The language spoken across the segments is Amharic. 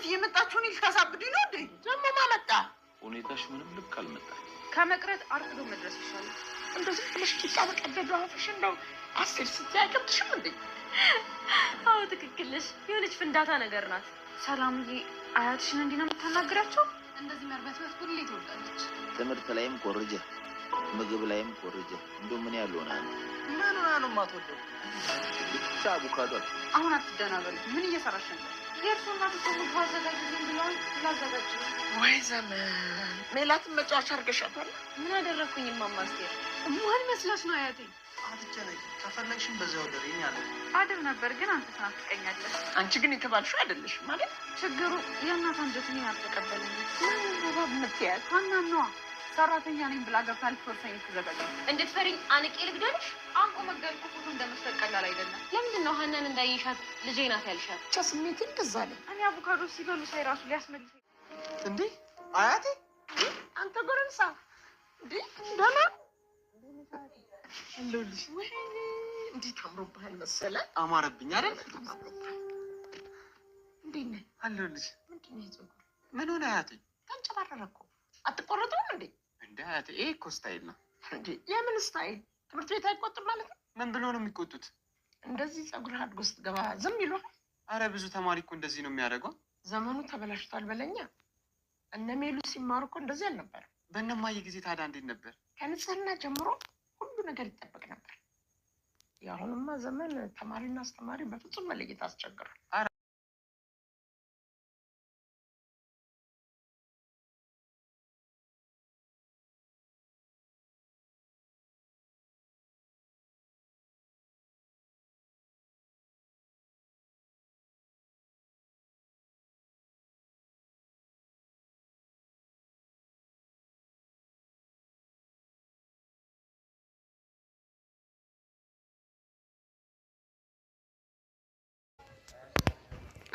ማለት እየመጣችሁ እኔ ልታሳብዱኝ ነው እንዴ? ደግሞ ማመጣ ሁኔታሽ ምንም ልክ አልመጣም። ከመቅረት አርፍዶ መድረስ ይሻላል። እንደው ዝም ብለሽ ቂጣ በቀደዱ አፍሽ እንደው አስር ስትይ አይከብድሽም እንዴ? አዎ ትክክልሽ፣ የሆነች ፍንዳታ ነገር ናት። ሰላምዬ አያትሽን እንዲህ ነው የምታናግራቸው? እንደዚህ መርበትበት ሁሌ ትወጣለች። ትምህርት ላይም ኮርጀ፣ ምግብ ላይም ኮርጀ። እንዶ ምን ያልሆነ ምን ሆና ነው የማትወደው? ብቻ አቮካዶ አሁን አትደናበል። ምን እየሰራሽ ነበር? ወይ ዘመን ሜላትን መጫወቻ አድርገሻታል። ምን አደረግኩኝ? ማማስቴር ማን መስለሽ ነው? አያቴ አትጨነቂ፣ ከፈለግሽም በዚያው ደሬኝ አለ አድር ነበር፣ ግን አንተ ትናፍቀኛለህ። አንቺ ግን የተባልሽው አይደለሽ ማለት ችግሩ የእናት አንጀት እኔን አልተቀበለኝም። ምትያል አናምነዋ ሰራተኛ ነኝ ብላ ገብታ ልትወርሰኝ ተዘጋጀ። እንድትፈሪኝ አንቄ ልግደልሽ? አንቆ መገልኩ ፎቶ እንደመስጠት ቀላል አይደለም። ለምንድን ነው ሀናን እንዳይሻት ልጄ ናት ያልሻት? ብቻ ስሜትን ከዛ እኔ አቮካዶ ሲበሉ ሳይ ራሱ ሊያስመልስ እንዴ! አያቴ አንተ ጎረምሳ እንዴ! ደህና እንደውልሽ እንዴት አምሮብሃል መሰለ። አማረብኝ አይደል? እንዴ ነህ? አለሁልሽ። ምንድን ነው ምን ሆነ አያቴ? ተንጨባረረ እኮ አትቆረጠውም እንዴ? እንደ ይሄ እኮ ስታይል ነው። የምን ስታይል? ትምህርት ቤት አይቆጥም ማለት ነው። ምን ብሎ ነው የሚቆጡት? እንደዚህ ጸጉርህ አድጎ ስትገባ ዝም ይሉ። አረ ብዙ ተማሪ እኮ እንደዚህ ነው የሚያደርገው። ዘመኑ ተበላሽቷል በለኛ። እነ ሜሉ ሲማሩ እኮ እንደዚህ አልነበረም። በእነማየ ጊዜ ታዲያ እንዴት ነበር? ከንጽህና ጀምሮ ሁሉ ነገር ይጠበቅ ነበር። የአሁንማ ዘመን ተማሪና አስተማሪ በፍጹም መለየት አስቸግሯል።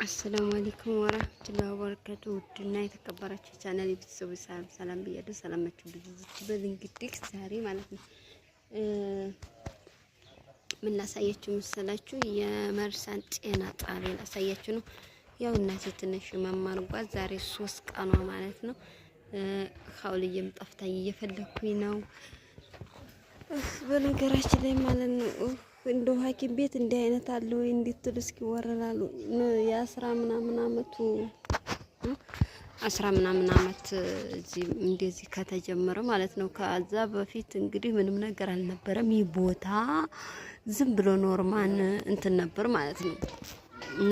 አሰላሙ አለይኩም ወራህመቱላሂ ወበረካቱ። ውድና የተከበራችሁ ቻናል የቤተሰቦች ሰላም ሰላም ብያለሁ። ሰላማችሁ ብዙ ይበል። እንግዲህ ዛሬ ማለት ነው ምን ላሳያችሁ መሰላችሁ? የመርሳን ጤና ጣቢያ ላሳያችሁ ነው። ያው እናቴ ትንሽ መማርጓት ዛሬ ሶስት ቀኗ ማለት ነው። ካውልዬም ጠፍታኝ እየፈለኩኝ ነው በነገራችን ላይ ማለት ነው እንደ ሐኪም ቤት እንዲህ አይነት አለ ወይ እንድትል እስኪ ወረላሉ የአስራ ምናምን አመቱ አስራ ምናምን አመት እዚህ እንደዚህ ከተጀመረ ማለት ነው። ከዛ በፊት እንግዲህ ምንም ነገር አልነበረም። ይህ ቦታ ዝም ብሎ ኖርማን እንትን ነበር ማለት ነው።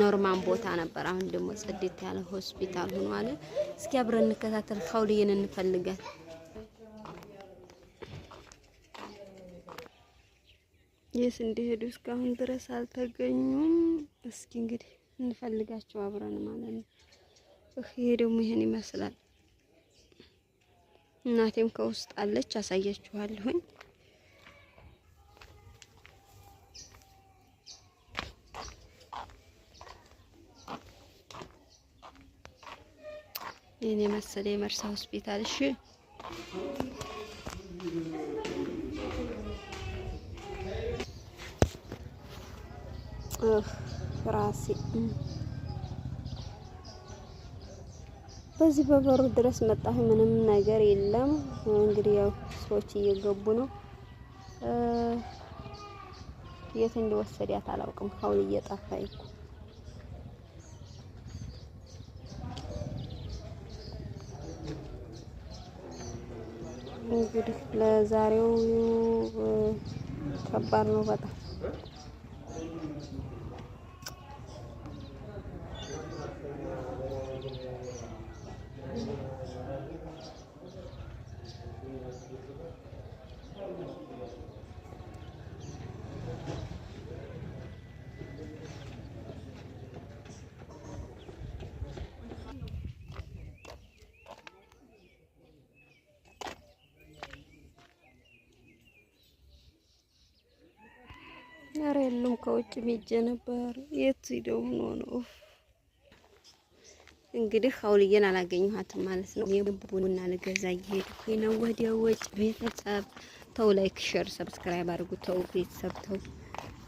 ኖርማን ቦታ ነበር። አሁን ደግሞ ጽድት ያለ ሆስፒታል ሆኗል። እስኪ አብረን እንከታተል። ካውልዬን እንፈልጋት። የት እንደሄዱ እስካሁን ድረስ አልተገኙም። እስኪ እንግዲህ እንፈልጋቸው አብረን ማለት ነው። ይሄ ደግሞ ይሄን ይመስላል። እናቴም ከውስጥ አለች፣ አሳያችኋለሁኝ። ይህን የመሰለ የመርሳ ሆስፒታል እሺ ራሴ በዚህ በበሩ ድረስ መጣሁ። ምንም ነገር የለም። እንግዲህ ያው ሰዎች እየገቡ ነው። የት እንደወሰዳት አላውቅም። ሀውል እየጠፋኝ እኮ እንግዲህ ለዛሬው ከባድ ነው በጣም ኧረ የለም ከውጭ ሄጄ ነበር። የት ሂደው ነው? ሆኖ እንግዲህ ሀውልዬን አላገኘኋትም ማለት ነው። ቡና ልገዛ እየሄድኩኝ ነው ወዲያ ወጭ። ቤተሰብ ተው፣ ላይክ ሼር፣ ሰብስክራይብ አድርጉ። ተው ቤተሰብ ተው።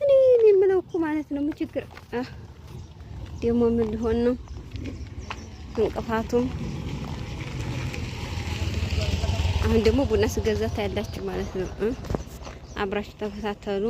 እኔ እኔ የምለው እኮ ማለት ነው ምን ችግር ደግሞ ምን ሊሆን ነው እንቅፋቱም። አሁን ደግሞ ቡና ስገዛ ታያላችሁ ማለት ነው። አብራችሁ ተከታተሉ።